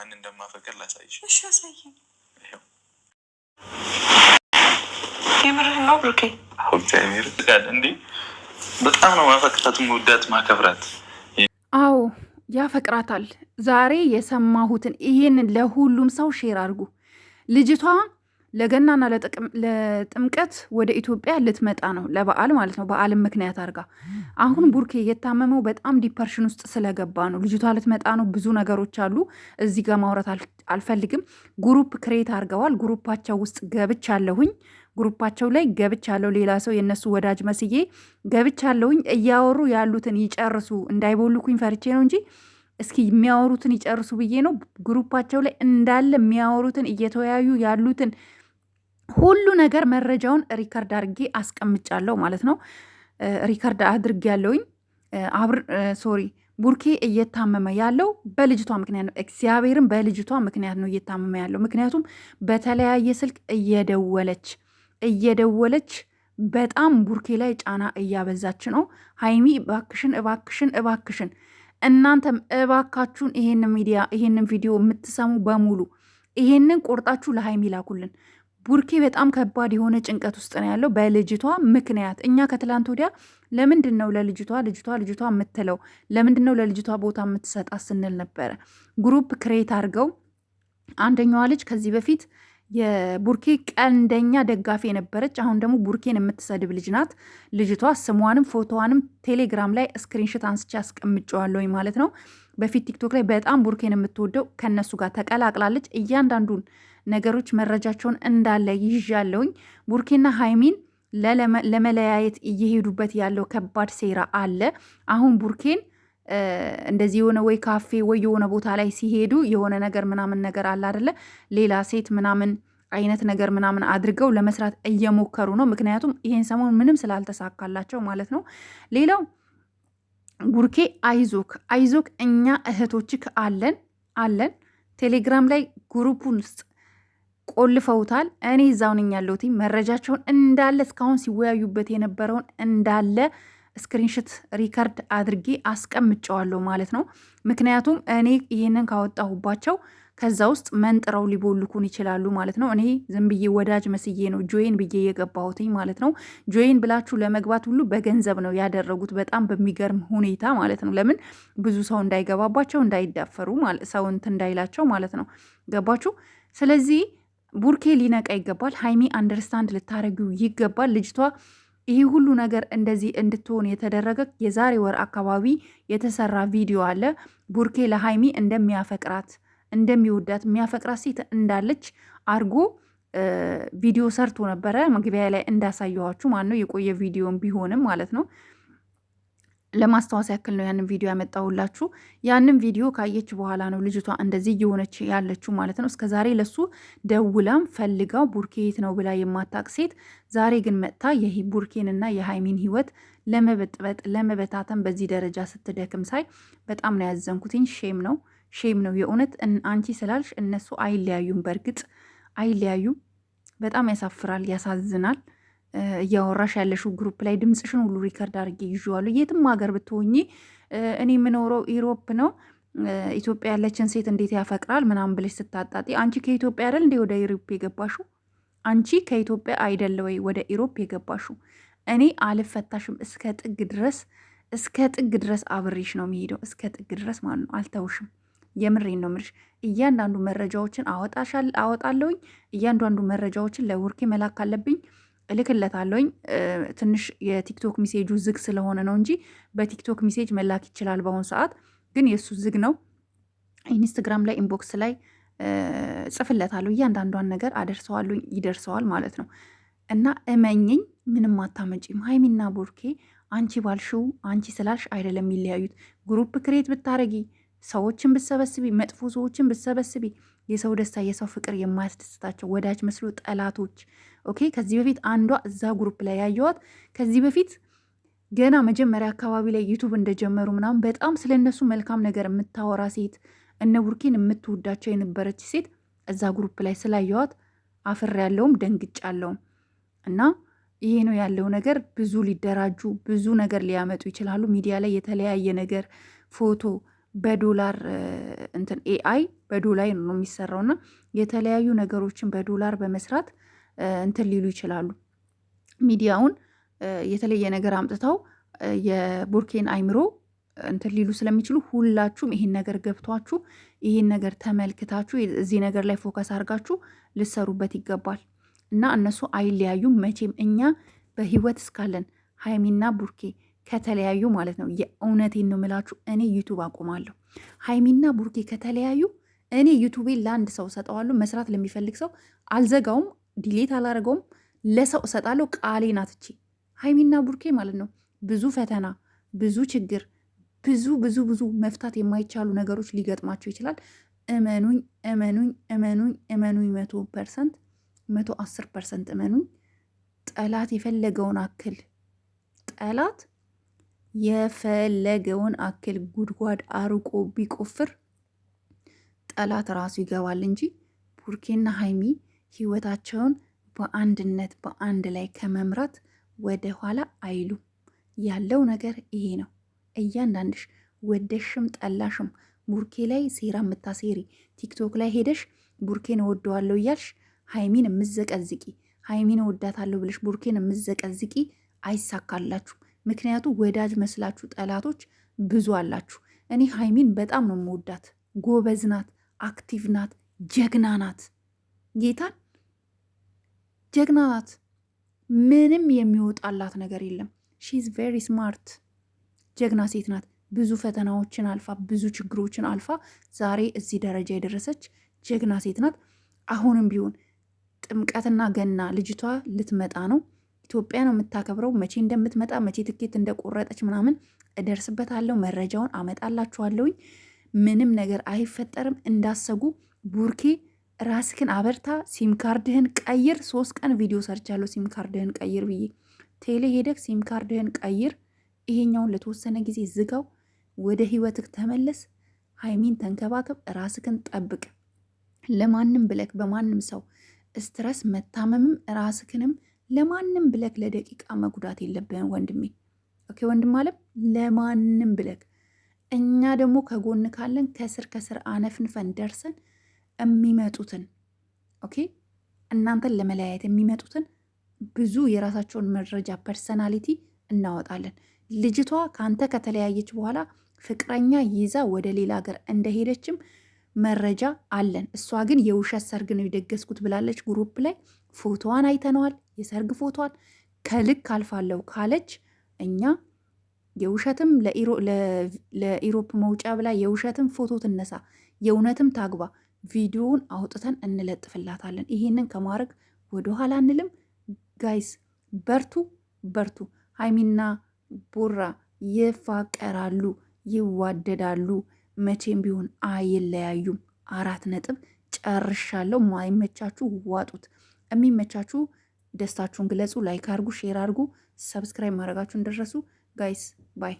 ማን እንደማፈቅር ላሳይሽ። እሺ አሳይ። የምርህን ነው ብሩኬ? እግዚአብሔር ይመስገን። እንዴ በጣም ነው ማፈቅራት፣ መውዳት፣ ማከብራት። አዎ ያፈቅራታል። ዛሬ የሰማሁትን ይህን ለሁሉም ሰው ሼር አድርጉ። ልጅቷ ለገናና ለጥምቀት ወደ ኢትዮጵያ ልትመጣ ነው፣ ለበዓል ማለት ነው። በዓልም ምክንያት አድርጋ አሁን ቡርኬ የታመመው በጣም ዲፐርሽን ውስጥ ስለገባ ነው። ልጅቷ ልትመጣ ነው። ብዙ ነገሮች አሉ። እዚህ ጋር ማውራት አልፈልግም። ጉሩፕ ክሬት አድርገዋል። ጉሩፓቸው ውስጥ ገብቻ አለሁኝ ግሩፓቸው ላይ ገብቻለሁ። ሌላ ሰው የእነሱ ወዳጅ መስዬ ገብቻለሁኝ። እያወሩ ያሉትን ይጨርሱ። እንዳይቦልኩኝ ፈርቼ ነው እንጂ እስኪ የሚያወሩትን ይጨርሱ ብዬ ነው። ግሩፓቸው ላይ እንዳለ የሚያወሩትን እየተወያዩ ያሉትን ሁሉ ነገር መረጃውን ሪከርድ አድርጌ አስቀምጫለሁ ማለት ነው። ሪከርድ አድርጌ ያለውኝ አብር ሶሪ ቡርኬ እየታመመ ያለው በልጅቷ ምክንያት ነው። እግዚአብሔርም በልጅቷ ምክንያት ነው እየታመመ ያለው። ምክንያቱም በተለያየ ስልክ እየደወለች እየደወለች በጣም ቡርኬ ላይ ጫና እያበዛች ነው። ሀይሚ እባክሽን እባክሽን እባክሽን እናንተም እባካችሁን ይሄንን ሚዲያ ይሄንን ቪዲዮ የምትሰሙ በሙሉ ይሄንን ቆርጣችሁ ለሀይሚ ላኩልን። ቡርኬ በጣም ከባድ የሆነ ጭንቀት ውስጥ ነው ያለው በልጅቷ ምክንያት። እኛ ከትላንት ወዲያ ለምንድን ነው ለልጅቷ ልጅቷ ልጅቷ የምትለው ለምንድን ነው ለልጅቷ ቦታ የምትሰጣ ስንል ነበረ። ግሩፕ ክሬት አድርገው አንደኛዋ ልጅ ከዚህ በፊት የቡርኬ ቀንደኛ ደጋፊ የነበረች አሁን ደግሞ ቡርኬን የምትሰድብ ልጅ ናት። ልጅቷ ስሟንም ፎቶዋንም ቴሌግራም ላይ ስክሪንሽት አንስቼ አስቀምጨዋለሁኝ ማለት ነው። በፊት ቲክቶክ ላይ በጣም ቡርኬን የምትወደው ከነሱ ጋር ተቀላቅላለች። እያንዳንዱን ነገሮች መረጃቸውን እንዳለ ይዣለውኝ። ቡርኪና ሃይሚን ለመለያየት እየሄዱበት ያለው ከባድ ሴራ አለ። አሁን ቡርኬን እንደዚህ የሆነ ወይ ካፌ ወይ የሆነ ቦታ ላይ ሲሄዱ የሆነ ነገር ምናምን ነገር አለ አይደለ? ሌላ ሴት ምናምን አይነት ነገር ምናምን አድርገው ለመስራት እየሞከሩ ነው። ምክንያቱም ይሄን ሰሞን ምንም ስላልተሳካላቸው ማለት ነው። ሌላው ቡርኬ አይዞክ አይዞክ፣ እኛ እህቶችክ አለን አለን። ቴሌግራም ላይ ግሩፑን ቆልፈውታል። እኔ እዛው ነኝ ያለሁት። መረጃቸውን እንዳለ እስካሁን ሲወያዩበት የነበረውን እንዳለ ስክሪንሽት ሪከርድ አድርጌ አስቀምጨዋለሁ ማለት ነው። ምክንያቱም እኔ ይህንን ካወጣሁባቸው ከዛ ውስጥ መንጥረው ሊቦልኩን ይችላሉ ማለት ነው። እኔ ዝም ብዬ ወዳጅ መስዬ ነው ጆይን ብዬ የገባሁትኝ ማለት ነው። ጆይን ብላችሁ ለመግባት ሁሉ በገንዘብ ነው ያደረጉት፣ በጣም በሚገርም ሁኔታ ማለት ነው። ለምን ብዙ ሰው እንዳይገባባቸው እንዳይዳፈሩ፣ ሰው እንትን እንዳይላቸው ማለት ነው። ገባችሁ? ስለዚህ ቡርኬ ሊነቃ ይገባል። ሀይሚ አንደርስታንድ ልታረጊው ይገባል። ልጅቷ ይህ ሁሉ ነገር እንደዚህ እንድትሆን የተደረገ የዛሬ ወር አካባቢ የተሰራ ቪዲዮ አለ። ቡርኬ ለሀይሚ እንደሚያፈቅራት እንደሚወዳት የሚያፈቅራት ሴት እንዳለች አድርጎ ቪዲዮ ሰርቶ ነበረ። መግቢያ ላይ እንዳሳየኋችሁ ማነው የቆየ ቪዲዮም ቢሆንም ማለት ነው። ለማስታወስ ያክል ነው ያንን ቪዲዮ ያመጣሁላችሁ። ያንን ቪዲዮ ካየች በኋላ ነው ልጅቷ እንደዚህ እየሆነች ያለችው ማለት ነው። እስከዛሬ ለሱ ደውላም ፈልጋው ቡርኬ የት ነው ብላ የማታቅ ሴት ዛሬ ግን መጥታ የቡርኬንና የሃይሚን ህይወት ለመበጥበጥ ለመበታተን በዚህ ደረጃ ስትደክም ሳይ በጣም ነው ያዘንኩትኝ። ሼም ነው ሼም ነው የእውነት አንቺ ስላልሽ እነሱ አይለያዩም። በእርግጥ አይለያዩም። በጣም ያሳፍራል፣ ያሳዝናል። እያወራሽ ያለሽው ግሩፕ ላይ ድምፅሽን ሁሉ ሪከርድ አድርጌ ይዤዋለሁ። የትም ሀገር ብትሆኚ እኔ የምኖረው ኢሮፕ ነው ኢትዮጵያ ያለችን ሴት እንዴት ያፈቅራል ምናምን ብለሽ ስታጣጤ፣ አንቺ ከኢትዮጵያ አይደል እንዴ ወደ ኢሮፕ የገባሹ? አንቺ ከኢትዮጵያ አይደለ ወይ ወደ ኢሮፕ የገባሹ? እኔ አልፈታሽም እስከ ጥግ ድረስ እስከ ጥግ ድረስ አብሬሽ ነው የሚሄደው። እስከ ጥግ ድረስ ማለት ነው፣ አልተውሽም። የምሬን ነው የምልሽ። እያንዳንዱ መረጃዎችን አወጣሻል አወጣለሁኝ። እያንዳንዱ መረጃዎችን ለውርኬ መላክ አለብኝ። እልክለታለሁኝ። ትንሽ የቲክቶክ ሚሴጁ ዝግ ስለሆነ ነው እንጂ በቲክቶክ ሚሴጅ መላክ ይችላል። በአሁኑ ሰዓት ግን የእሱ ዝግ ነው። ኢንስትግራም ላይ ኢንቦክስ ላይ ጽፍለታለሁ። እያንዳንዷን ነገር አደርሰዋለሁኝ። ይደርሰዋል ማለት ነው እና እመኝኝ ምንም አታመጪም ሀይሚና ቦርኬ አንቺ ባልሽው አንቺ ስላልሽ አይደለም የሚለያዩት። ግሩፕ ክሬት ብታረጊ ሰዎችን ብሰበስቢ፣ መጥፎ ሰዎችን ብሰበስቢ፣ የሰው ደስታ የሰው ፍቅር የማያስደስታቸው ወዳጅ መስሎ ጠላቶች። ኦኬ ከዚህ በፊት አንዷ እዛ ግሩፕ ላይ ያየዋት ከዚህ በፊት ገና መጀመሪያ አካባቢ ላይ ዩቱብ እንደጀመሩ ምናምን በጣም ስለነሱ መልካም ነገር የምታወራ ሴት እነ ቡርኬን የምትወዳቸው የነበረች ሴት እዛ ግሩፕ ላይ ስላየዋት አፍር ያለውም ደንግጫ አለውም እና ይሄ ነው ያለው ነገር። ብዙ ሊደራጁ ብዙ ነገር ሊያመጡ ይችላሉ። ሚዲያ ላይ የተለያየ ነገር ፎቶ በዶላር እንትን ኤአይ በዶላር ነው የሚሰራው እና የተለያዩ ነገሮችን በዶላር በመስራት እንትን ሊሉ ይችላሉ። ሚዲያውን የተለየ ነገር አምጥተው የቡርኬን አይምሮ እንትን ሊሉ ስለሚችሉ ሁላችሁም ይሄን ነገር ገብቷችሁ ይሄን ነገር ተመልክታችሁ እዚህ ነገር ላይ ፎከስ አድርጋችሁ ልሰሩበት ይገባል እና እነሱ አይለያዩም መቼም እኛ በህይወት እስካለን ሀይሚና ቡርኬ ከተለያዩ ማለት ነው የእውነቴን ነው ምላችሁ እኔ ዩቱብ አቆማለሁ። ሀይሚና ቡርኬ ከተለያዩ እኔ ዩቱቤን ለአንድ ሰው እሰጠዋለሁ። መስራት ለሚፈልግ ሰው አልዘጋውም፣ ዲሌት አላደርገውም፣ ለሰው እሰጣለሁ። ቃሌ አትቼ ሀይሚና ቡርኬ ማለት ነው ብዙ ፈተና፣ ብዙ ችግር፣ ብዙ ብዙ ብዙ መፍታት የማይቻሉ ነገሮች ሊገጥማቸው ይችላል። እመኑኝ እመኑኝ እመኑኝ እመኑኝ መቶ ፐርሰንት መቶ አስር ፐርሰንት እመኑኝ። ጠላት የፈለገውን አክል ጠላት የፈለገውን አክል ጉድጓድ አርቆ ቢቆፍር ጠላት ራሱ ይገባል እንጂ ቡርኬና ሀይሚ ህይወታቸውን በአንድነት በአንድ ላይ ከመምራት ወደ ኋላ አይሉም። ያለው ነገር ይሄ ነው። እያንዳንድሽ ወደሽም ጠላሽም ቡርኬ ላይ ሴራ የምታሴሪ ቲክቶክ ላይ ሄደሽ ቡርኬን እወደዋለሁ እያልሽ ሀይሚን የምዘቀዝቂ ሀይሚን እወዳታለሁ ብለሽ ቡርኬን የምዘቀዝቂ አይሳካላችሁም። ምክንያቱ ወዳጅ መስላችሁ ጠላቶች ብዙ አላችሁ። እኔ ሀይሚን በጣም ነው የምወዳት። ጎበዝ ናት፣ አክቲቭ ናት፣ ጀግና ናት፣ ጌታን ጀግና ናት። ምንም የሚወጣላት ነገር የለም። ሺዝ ቬሪ ስማርት ጀግና ሴት ናት። ብዙ ፈተናዎችን አልፋ ብዙ ችግሮችን አልፋ ዛሬ እዚህ ደረጃ የደረሰች ጀግና ሴት ናት። አሁንም ቢሆን ጥምቀትና ገና ልጅቷ ልትመጣ ነው። ኢትዮጵያ ነው የምታከብረው። መቼ እንደምትመጣ መቼ ትኬት እንደቆረጠች ምናምን እደርስበታለሁ፣ መረጃውን አመጣላችኋለሁኝ። ምንም ነገር አይፈጠርም እንዳሰጉ። ቡርኬ ራስክን አበርታ፣ ሲም ካርድህን ቀይር። ሶስት ቀን ቪዲዮ ሰርቻለሁ፣ ሲም ካርድህን ቀይር ብዬ ቴሌ ሄደክ ሲም ካርድህን ቀይር፣ ይሄኛውን ለተወሰነ ጊዜ ዝጋው፣ ወደ ህይወትክ ተመለስ፣ ሀይሚን ተንከባከብ፣ ራስክን ጠብቅ። ለማንም ብለክ በማንም ሰው ስትረስ መታመምም ራስክንም ለማንም ብለክ ለደቂቃ መጉዳት የለብህም ወንድሜ። ኦኬ ወንድም አለም ለማንም ብለክ እኛ ደግሞ ከጎን ካለን ከስር ከስር አነፍንፈን ደርሰን የሚመጡትን ኦኬ እናንተን ለመለያየት የሚመጡትን ብዙ የራሳቸውን መረጃ ፐርሰናሊቲ እናወጣለን። ልጅቷ ከአንተ ከተለያየች በኋላ ፍቅረኛ ይዛ ወደ ሌላ ሀገር እንደሄደችም መረጃ አለን። እሷ ግን የውሸት ሰርግ ነው የደገስኩት ብላለች። ግሩፕ ላይ ፎቶዋን አይተነዋል። የሰርግ ፎቷን ከልክ አልፋለሁ ካለች እኛ የውሸትም ለኢሮፕ መውጫ ብላ የውሸትም ፎቶ ትነሳ የእውነትም ታግባ ቪዲዮውን አውጥተን እንለጥፍላታለን። ይሄንን ከማድረግ ወደኋላ አንልም። ጋይስ በርቱ በርቱ። ሀይሚና ቦራ ይፋቀራሉ፣ ይዋደዳሉ፣ መቼም ቢሆን አይለያዩም። አራት ነጥብ ጨርሻለሁ። ማይመቻችሁ ዋጡት፣ የሚመቻችሁ ደስታችሁን ግለጹ። ላይክ አርጉ፣ ሼር አርጉ፣ ሰብስክራይብ ማድረጋችሁን ደረሱ። ጋይስ ባይ